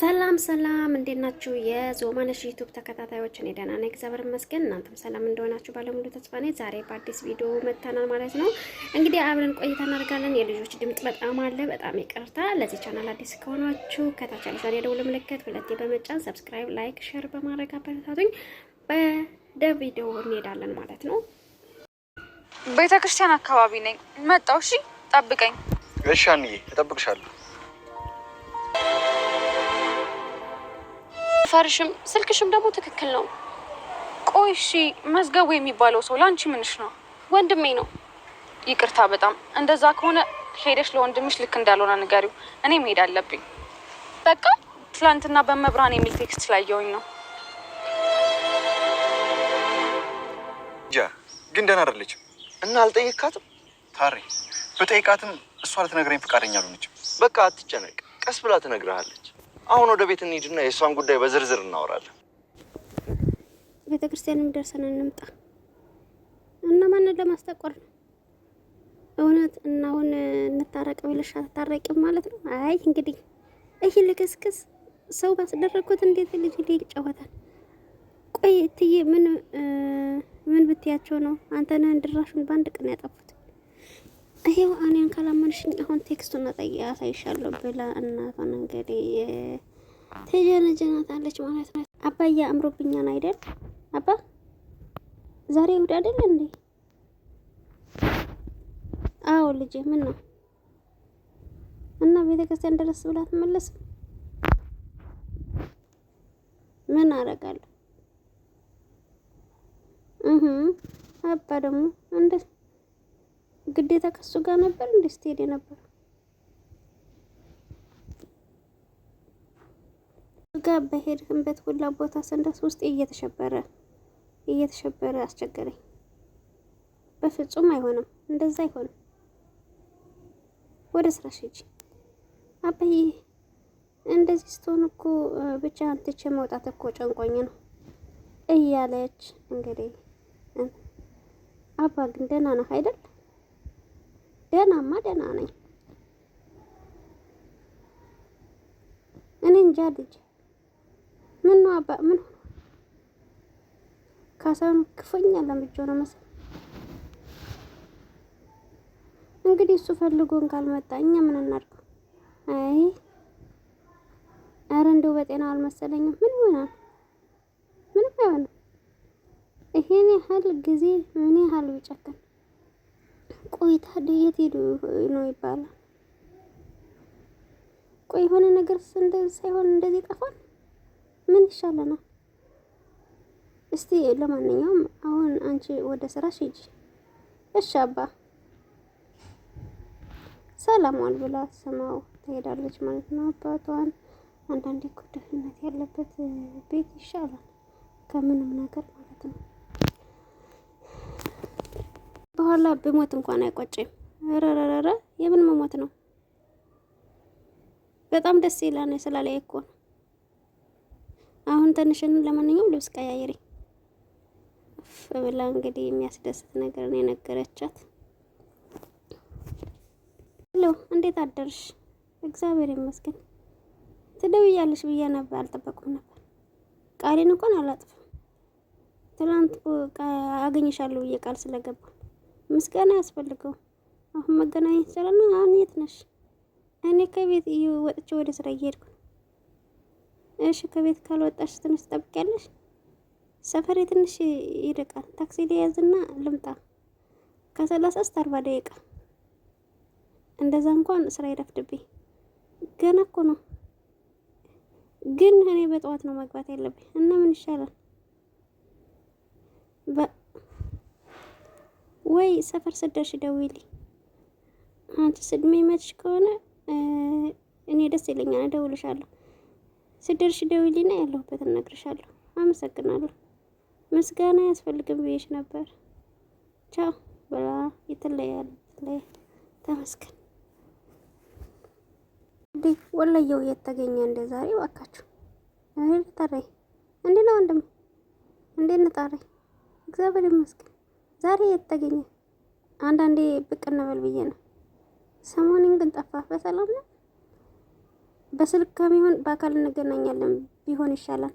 ሰላም ሰላም፣ እንዴት ናችሁ የዞማነሽ ዩቱብ ተከታታዮች? እኔ ደህና ነኝ እግዚአብሔር ይመስገን። እናንተም ሰላም እንደሆናችሁ ባለሙሉ ተስፋ ነኝ። ዛሬ በአዲስ ቪዲዮ መጥተናል ማለት ነው። እንግዲህ አብረን ቆይታ እናደርጋለን። የልጆች ድምጽ በጣም አለ፣ በጣም ይቅርታ። ለዚህ ቻናል አዲስ ከሆናችሁ ከታች ያለውን የደውል ምልክት ሁለቴ በመጫን ሰብስክራይብ፣ ላይክ፣ ሼር በማድረግ አበረታቱኝ። በደቪዲዮ እንሄዳለን ማለት ነው። ቤተክርስቲያን አካባቢ ነኝ። መጣው። እሺ ጠብቀኝ። እሺ አንዬ፣ እጠብቅሻለሁ ፈርሽም ስልክሽም ደግሞ ትክክል ነው። ቆይ እሺ፣ መዝገቡ የሚባለው ሰው ለአንቺ ምንሽ ነው? ወንድሜ ነው። ይቅርታ በጣም እንደዛ ከሆነ ሄደሽ ለወንድምሽ ልክ እንዳልሆነ ንገሪው። እኔ መሄድ አለብኝ። በቃ ትላንትና በመብራን የሚል ቴክስት ስላየውኝ ነው። እንጃ ግን ደህና አይደለችም እና አልጠየካትም። ታሬ በጠይቃትም እሷ ልትነግረኝ ፈቃደኛ አልሆነችም። በቃ አትጨነቅ፣ ቀስ ብላ ትነግረሃለች። አሁን ወደ ቤት እንሂድና የእሷን ጉዳይ በዝርዝር እናወራለን። ቤተ ክርስቲያንም ደርሰን እንምጣ እና ማንን ለማስጠቆር ነው? እውነት እና አሁን እንታረቅ ብለሽ አትታረቂም ማለት ነው? አይ እንግዲህ ይህ ልክስክስ ሰው ባስደረግኩት እንዴት ልጅ ሊግ ይጫወታል? ቆይ እትዬ ምን ምን ብትያቸው ነው? አንተን ድራሹን በአንድ ቀን ያጠፉት ይሄው እኔን ካላመንሽኝ አሁን ቴክስቱን ጠይቂ አሳይሻለሁ ብላ እናቷን እንግዲህ ትጀነጀናታለች ማለት ነው። አባዬ አምሮብኛን አይደል አባ ዛሬ እሑድ አይደል እንዴ? አዎ ልጄ ምን ነው እና ቤተ ክርስቲያን ደረስ ብላ ትመለስ ምን አደርጋለሁ እህ አባ ደግሞ እንዴ ግዴታ ከሱ ጋር ነበር እንዴ ስትሄድ ነበር ጋር በሄድክበት ሁላ ቦታ ሰንዳስ ውስጥ እየተሸበረ እየተሸበረ አስቸገረኝ። በፍጹም አይሆንም፣ እንደዛ አይሆንም። ወደ ስራሽ ሂጂ አባዬ። እንደዚህ ስትሆን እኮ ብቻ አንትቼ መውጣት እኮ ጨንቆኝ ነው እያለች እንግዲህ አባ ግን ደህና ነህ አይደል? ደህናማ ደህና ነኝ። እኔ እንጃ ልጅ ምን ነው አባ ምን ካሳሁን ክፉኛ ለምጆ ነው መሰለኝ። እንግዲህ እሱ ፈልጎን ካልመጣ እኛ ምን እናድርገው? አይ አረ እንደው በጤናው አልመሰለኝም። ምን ይሆናል? ምንም አይሆንም። ይሄን ያህል ጊዜ ምን ያህል ብጨከን ቆይ ታዲያ የት ሄዱ ነው ይባላል? ቆይ የሆነ ነገር ሳይሆን እንደዚህ ጠፋን? ምን ይሻለናል? እስቲ ለማንኛውም አሁን አንቺ ወደ ስራሽ ሂጂ። እሺ አባ ሰላም ዋል ብላ ስማው ትሄዳለች ማለት ነው። አባቷን አንዳንዴ እኮ ድህነት ያለበት ቤት ይሻላል ከምንም ነገር ማለት ነው። በኋላ ብሞት እንኳን አይቆጭም። ረረረረ የምን መሞት ነው? በጣም ደስ ይላል ስላላይ እኮ ነው። አሁን ትንሽን ለማንኛውም ልብስ ቀያይሪ ብላ እንግዲህ የሚያስደስት ነገር ነው የነገረቻት። ሎ እንዴት አደርሽ? እግዚአብሔር ይመስገን። ትደውያለሽ ብዬ ነበር፣ አልጠበኩም ነበር። ቃሌን እንኳን አላጥፍም። ትናንት አገኝሻለሁ ብዬ ቃል ስለገባ ምስጋና ያስፈልገው። አሁን መገናኘት ይቻላል። አሁን የት ነሽ? እኔ ከቤት ወጥቼ ወደ ስራ እየሄድኩ ነው። እሺ፣ ከቤት ካልወጣሽ ትንሽ ትጠብቂያለሽ። ሰፈሬ ትንሽ ይርቃል። ታክሲ ሊያዝና ልምጣ። ከሰላሳ እስከ አርባ ደቂቃ እንደዛ እንኳን ስራ ይረፍድብኝ። ገና እኮ ነው። ግን እኔ በጠዋት ነው መግባት ያለብኝ እና ምን ይሻላል ወይ ሰፈር ስደርሽ ደውይልኝ። አንቺ ስድሜ መችሽ ከሆነ እኔ ደስ ይለኛል፣ እደውልሻለሁ። ስደርሽ ደውይልኝና ያለሁበትን እነግርሻለሁ። አመሰግናለሁ። ምስጋና ያስፈልግም ብዬሽ ነበር። ቻው ብላ የተለያለ ተመስገን። እንዴ ወላየው የተገኘ እንደ ዛሬ ባካችሁ። እህ ታረይ እንዴ ነው ወንድም እንዴ ነው ታረይ። እግዚአብሔር ይመስገን። ዛሬ የተገኘ አንዳንዴ ብቅ እንበል ብዬ ነው። ሰሞኑን ግን ጠፋህ። በሰላም ነው? በስልክ ከሚሆን በአካል እንገናኛለን ቢሆን ይሻላል።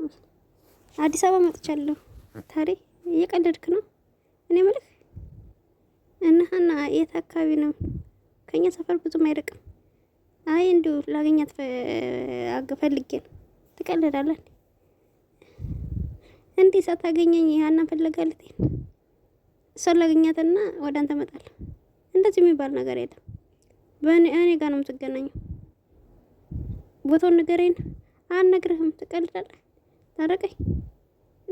አዲስ አበባ መጥቻለሁ። ታሪ እየቀለድክ ነው? እኔ ምልህ እነሀና የት አካባቢ ነው? ከኛ ሰፈር ብዙም አይርቅም። አይ እንዲሁ ላገኛት ፈልጌ ነው። ትቀልዳለን እንዲህ ሳታገኘኝ ሀናን ፈለጋልቴ ሰው ላገኛትና ወደ አንተ እመጣለሁ። እንደዚህ የሚባል ነገር የለም። እኔ ጋር ነው የምትገናኘው። ቦታውን ንገረኝ። አልነግርህም። ትቀልዳለህ። ታረቀኝ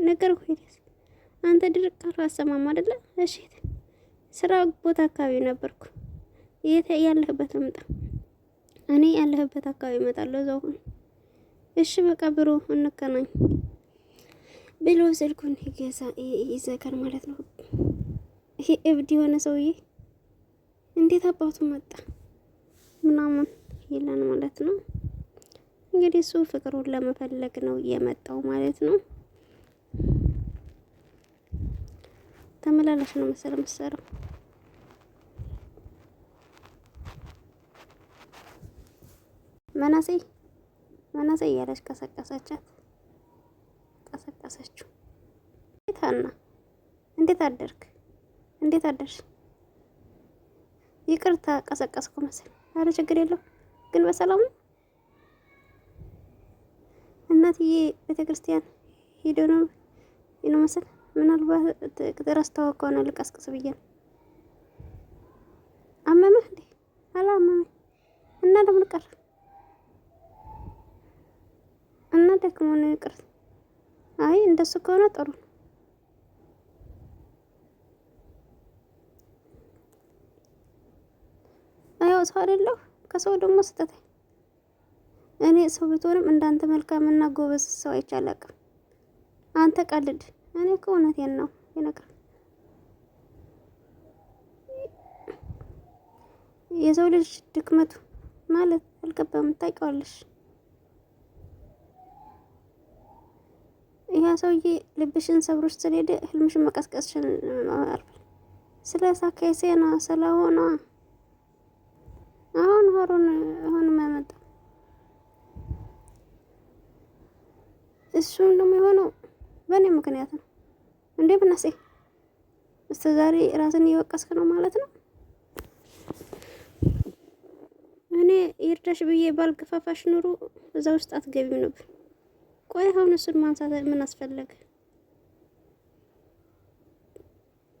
ነገርኩህ። ሄደስ አንተ ድርቅ ካሉ አሰማም አይደለ? እሺ ስራ ቦታ አካባቢ ነበርኩ። የት ያለህበት ልምጣ? እኔ ያለህበት አካባቢ እመጣለሁ። እዛው ሁን። እሺ በቃ ብሮ እንገናኝ ብሎ ስልኩን ይገዛ ይዘጋል ማለት ነው። ይሄ እብድ የሆነ ሰውዬ እንዴት አባቱ መጣ ምናምን ይላል ማለት ነው። እንግዲህ እሱ ፍቅሩን ለመፈለግ ነው የመጣው ማለት ነው። ተመላላሽ ነው መሰለ መሰለው መናሴ መናሴ እያለች ቀሰቀሰቻት። ቀሰቀሰችው። እንዴት አና እንዴት አደርክ እንዴት አደርሽ? ይቅርታ ቀሰቀስኩ መሰል። አረ ችግር የለው ግን በሰላሙ እናትዬ ቤተ ክርስቲያን ሄዶ ነው ይነው መሰል። ምናልባት ረስተው ከሆነ ልቀስቅስ ብዬ ነው። አመመህ እንዴ? አላመመኝ እና ደግሞ ልቀር እና ነው ይቅርት። አይ እንደሱ ከሆነ ጥሩ ነው። ሰው አይደለሁ። ከሰው ደግሞ ስጠት እኔ ሰው ብትሆንም እንዳንተ መልካምና ጎበዝ ሰው አይቻላቅም። አንተ ቀልድ፣ እኔ እኮ እውነቴን ነው ይነግር የሰው ልጅ ድክመቱ ማለት አልገባም። ታውቂዋለሽ፣ ያ ሰውዬ ልብሽን ሰብሮች ስለሄደ ህልምሽን መቀስቀስሽን አልፈል ስለ ሳካይሴና ስለሆነ አሁን ሆሩን አሁን ማመጣ እሱም ደግሞ የሆነው በእኔ ምክንያት ነው እንዴ ብናሴ እስከ ዛሬ ራስን እየወቀስክ ነው ማለት ነው። እኔ ይርዳሽ ብዬ ባልገፋፋሽ ኑሮ እዛ ውስጥ አትገቢም ነበር። ቆይ አሁን እሱን ማንሳት ምን አስፈለገ?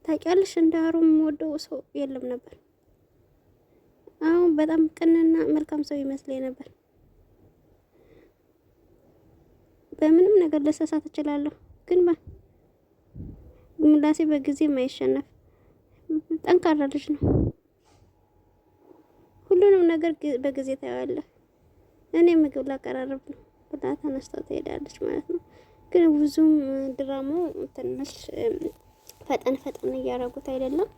ታውቂያለሽ እንደ አሩም ወደው ሰው የለም ነበር። አሁን በጣም ቅንና መልካም ሰው ይመስለኝ ነበር። በምንም ነገር ልሳሳት እችላለሁ፣ ግን ምላሴ በጊዜ የማይሸነፍ ጠንካራ ልጅ ነው። ሁሉንም ነገር በጊዜ ታያለህ። እኔ ምግብ ላቀራረብ ነው ብላ ተነስታ ትሄዳለች ማለት ነው። ግን ብዙም ድራማው ትንሽ ፈጠን ፈጠን እያደረጉት አይደለም፣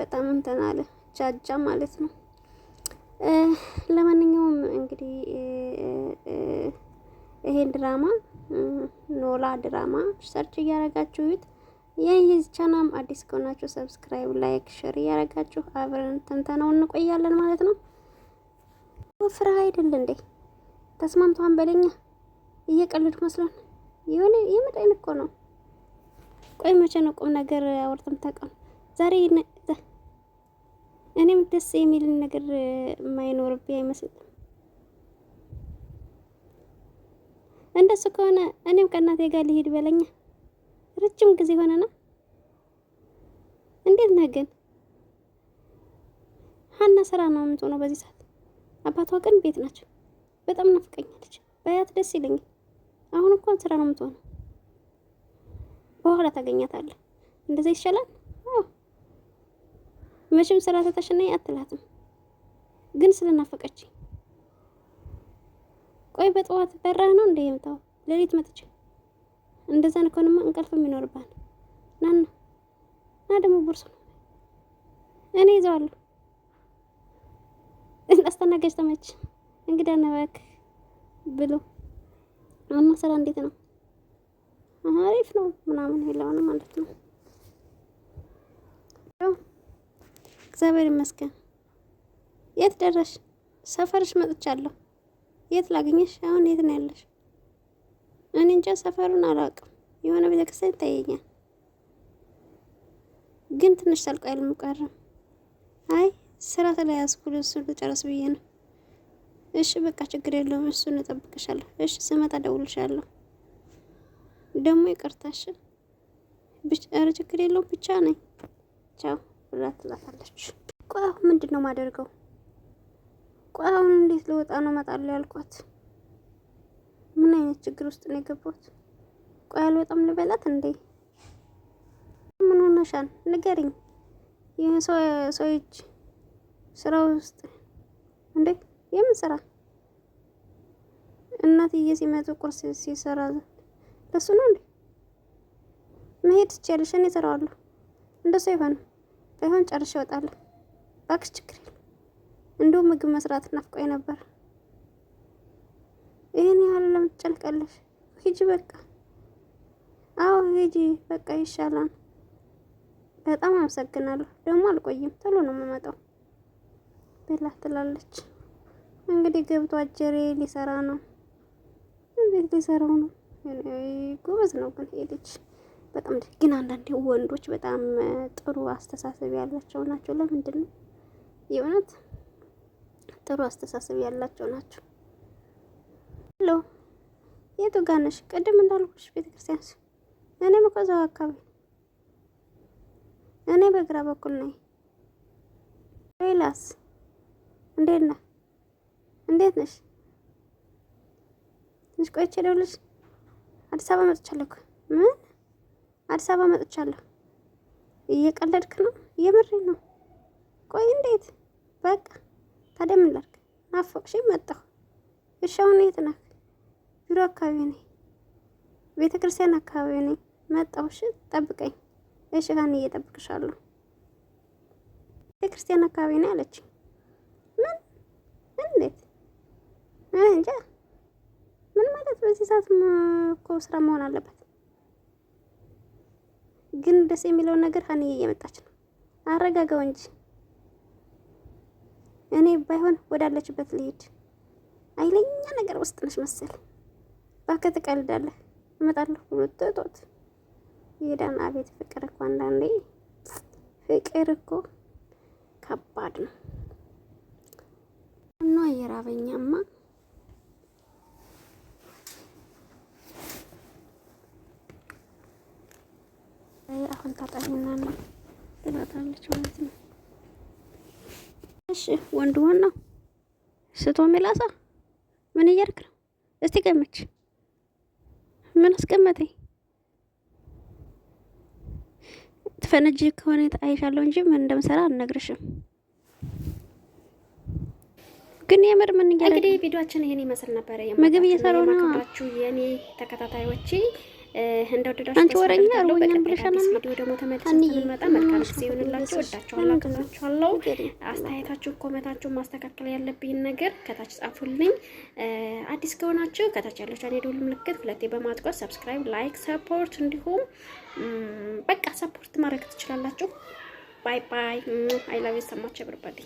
በጣም እንትን አለ። እያጃጃ ማለት ነው። ለማንኛውም እንግዲህ ይሄን ድራማ ኖላ ድራማ ሰርች እያደረጋችሁ የዚህ ቻናም አዲስ ከሆናችሁ ሰብስክራይብ፣ ላይክ፣ ሼር እያደረጋችሁ አብረን ተንተነው እንቆያለን ማለት ነው። ወፍራ አይደል እንዴ? ተስማምቷን በለኛ እየቀልድ መስሎን የሆነ የምር እኮ ነው። ቆይ መቼ ነው ቁም ነገር አውርተን ታውቃለህ? ዛሬ እኔም ደስ የሚል ነገር የማይኖርብኝ አይመስልም። እንደሱ ከሆነ እኔም ከእናቴ ጋር ሊሄድ በለኛ። ረጅም ጊዜ ሆነና እንዴት ነህ ግን? ሀና ስራ ነው የምትሆነው በዚህ ሰዓት። አባቷ ግን ቤት ናቸው። በጣም ናፍቀኛለች። በያት ደስ ይለኛል። አሁን እኮ ስራ ነው የምትሆነው። በኋላ ታገኛታለህ። እንደዛ ይሻላል። መቼም ስራ ተተሽናኝ አትላትም፣ ግን ስለናፈቀች ቆይ በጠዋት በራህ ነው እንደ የምታው ሌሊት መጥቼ እንደዛን ከሆነማ እንቅልፍም ይኖርባል። ናና ና ደግሞ ቦርሳ ነው እኔ ይዘዋለሁ። አስተናጋጅ ተመች እንግዳ ነበክ ብሎ አማ ስራ እንዴት ነው? አሪፍ ነው ምናምን የለውንም ማለት ነው። እግዚአብሔር ይመስገን። የት ደረሽ? ሰፈርሽ መጥቻለሁ። የት ላገኘሽ አሁን የት ነው ያለሽ? እኔ እንጃ ሰፈሩን አላውቅም። የሆነ ቤተክርስቲያን ይታየኛል፣ ግን ትንሽ ጠልቆ ያልም ቀረም። አይ ስራ ስለያዝኩ እሱን ልጨርስ ብዬ ነው። እሺ በቃ ችግር የለውም። እሱ እጠብቅሻለሁ። እሺ ስመጣ እደውልልሻለሁ። ደግሞ ይቅርታሽ ብቻ። ኧረ ችግር የለውም ብቻ ነኝ። ቻው ብላ ትላታለች። ቆይ አሁን ምንድን ነው ማደርገው? ቆይ አሁን እንዴት ልወጣ ነው እመጣለሁ ያልኳት? ምን አይነት ችግር ውስጥ ነው የገባሁት? ቆይ አልወጣም ልበላት እንዴ? ምን ሆነሻል? ንገሪኝ። ይህ ሰው እጅ ስራ ውስጥ እንዴ? የምን ስራ? እናትዬ ሲመጡ ቁርስ ሲሰራ ለሱ ነው እንዴ? መሄድ ትችያለሽ፣ እኔ እሰራዋለሁ። እንደሱ አይሆንም። ባይሆን ጨርሼ እወጣለሁ። እባክሽ ችግር የለም። እንዲሁም ምግብ መስራት ናፍቆኝ ነበር። ይህን ያህል ለምን ትጨንቀለሽ? ሂጂ በቃ። አዎ ሂጂ በቃ ይሻላል። በጣም አመሰግናለሁ። ደግሞ አልቆይም፣ ቶሎ ነው የምመጣው ብላ ትላለች። እንግዲህ ገብቶ አጀሬ ሊሰራ ነው። እንዴት ሊሰራው ነው? ጎበዝ ነው ግን ሄደች በጣም ግን አንዳንዴ ወንዶች በጣም ጥሩ አስተሳሰብ ያላቸው ናቸው። ለምንድን ነው የእውነት ጥሩ አስተሳሰብ ያላቸው ናቸው። ሄሎ የቱ ጋር ነሽ? ቅድም እንዳልኩሽ ቤተክርስቲያን እኔ እኔም እኮ አካባቢ እኔ በግራ በኩል ነኝ። ሌላስ እንዴት ነህ? እንዴት ነሽ? ትንሽ ቆይቼ ደውልሽ አዲስ አበባ መጥቻለሁ። ምን አዲስ አበባ መጥቻለሁ። እየቀለድክ ነው? እየምሬ ነው። ቆይ እንዴት? በቃ ታዲያ ምን ላድርግ? መጣሁ። እሺ የት ነህ? ቢሮ አካባቢ ነኝ። ቤተ ክርስቲያን አካባቢ ነኝ። መጣሁ። እሺ ጠብቀኝ። እሺ ጋን እየጠብቅሻለሁ። ቤተ ክርስቲያን አካባቢ ነኝ መጣሁ እሺ ጠብቀኝ እሺ ጋን እየጠብቅሻለሁ ቤተ ክርስቲያን አካባቢ ነኝ አለች ምን? እንዴት? እንጃ ምን ማለት በዚህ ሰዓት እኮ ስራ መሆን አለበት ግን ደስ የሚለውን ነገር ሀኒዬ እየመጣች ነው። አረጋጋው እንጂ እኔ ባይሆን ወዳለችበት ልሄድ። አይለኛ ነገር ውስጥ ነሽ መሰል። እባክህ ትቀልዳለህ። እመጣለሁ ብሎ ትቶት አቤት ፍቅር እኮ አንዳንዴ ፍቅር እኮ ከባድ ነው እና የራበኛማ አሁን ታጣኝ ምናምን ትላታለች ማለት ነው። እሺ ወንድ ዋናው ስቶ ሜላሳ ምን እያርክ ነው? እስቲ ገመች ምን አስቀመጠኝ? ትፈነጂ ከሆነ አይሻለሁ እንጂ ምን እንደምሰራ አልነግርሽም። ግን የምር ምን እንግዲህ ቪዲዮአችን ይሄን ይመስል ነበር። ምግብ እየሰሩ ነው የኔ ተከታታዮቼ እንደወደዳችሁ አንቺ ወረኛ ሩኛን ብለሻል። ቪዲዮ ደግሞ ተመልሰን ስንመጣ መልካም ጊዜ ይሆንላችሁ። ወዳችኋለሁ፣ አከብራችኋለሁ። አስተያየታችሁ፣ ኮመታችሁ ማስተካከል ያለብኝ ነገር ከታች ጻፉልኝ። አዲስ ከሆናችሁ ከታች ያለች የደወል ምልክት ሁለቴ በማጥቆስ ሰብስክራይብ፣ ላይክ፣ ሰፖርት እንዲሁም በቃ ሰፖርት ማድረግ ትችላላችሁ። ባይ ባይ። አይ ላቭ ዩ ሶ ማች ኤቨሪባዲ